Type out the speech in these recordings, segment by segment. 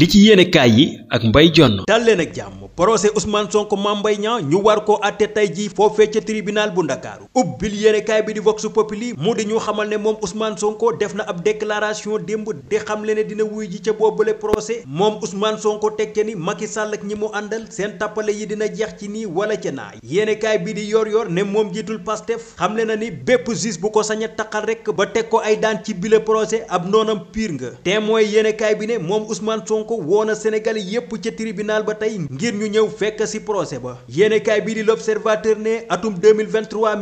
li ci yéene yi ak Mbaye Dione dal leen ak jàmm procès Ousmane Sonko ma mbay ñaa ñu war koo àtte tey jii foofee ca tribunal bu Ndakaaru ubbil yéene kaay bi di vox populi mu di ñu xamal ne moom usmaan Sonko def na ab déclaration démb di xamle ne dina wuy ji ca boobule procès moom Ousmane Sonko teg ca ni Macky Sall ak ñi mu àndal seen tappale yi dina jeex ci nii wala ca naa yéene bi di yor yor ne moom jiitul xam xamle na ni bépp juge bu ko sañ a taqal rek ba teg ko ay daan ci bile procès ab noonam pire nga témoin bi ne moom Ousmane Sonko Sonko woona Sénégalais yépp ca tribunal ba tey ngir ñu ñëw fekk ci procès ba yéenekaay bii di L'Observateur ne atum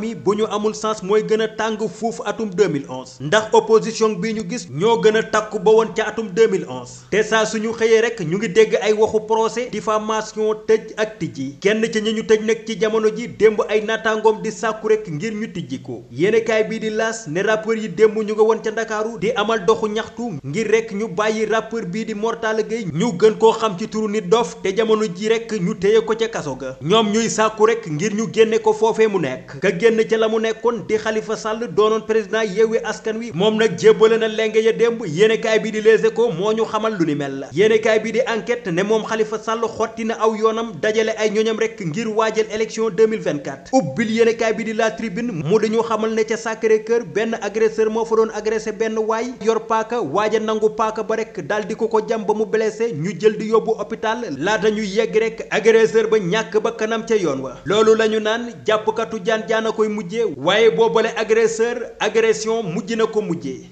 mi bu ñu amul sens mooy gën a tàng fuuf atum 2011 ndax opposition bi ñu gis ñoo gën a takku ba woon ca atum 2011 te saa suñu xëyee rek ñu ngi dégg ay waxu procès diffamation tëj ak tijji kenn ci ñi ñu tëj nag ci jamono ji démb ay naataangoom di sàkku rek ngir ñu tijji ko yéenekaay bii di L'As ne rappeur yi démb ñu nga woon ca Ndakaaru di amal doxu ñaxtu Gueye ñu gën koo xam ci turu nit dof te jamono ji rek ñu téye ko ca kaso ga ñoom ñuy sàkku rek ngir ñu génne ko foofee mu nekk ka génn ca la mu nekkoon di xalifa sàll doonoon président Yewwi Askan Wi moom nag jébbale na lenge ya démb yéenekaay bi di Les ko moo ñu xamal lu ni mel la yéenekaay bi di enquête ne moom xalifa Sall xotti na aw yoonam dajale ay ñoñam rek ngir waajal élection 2024 ubbil yéenekaay bi di La Tribune mu dañu xamal ne ca Sacré-Cœur benn agresseur moo fa doon agressé benn waay yor paaka waaja nangu paaka ba ba blessé ñu jël di yóbbu hôpital la dañu yegg rek agresseur ba ñak ba kanam ca yoon wa lolu lañu naan japp katu jaan jaana koy mujje bo boobale agresseur agression mujjina ko mujjé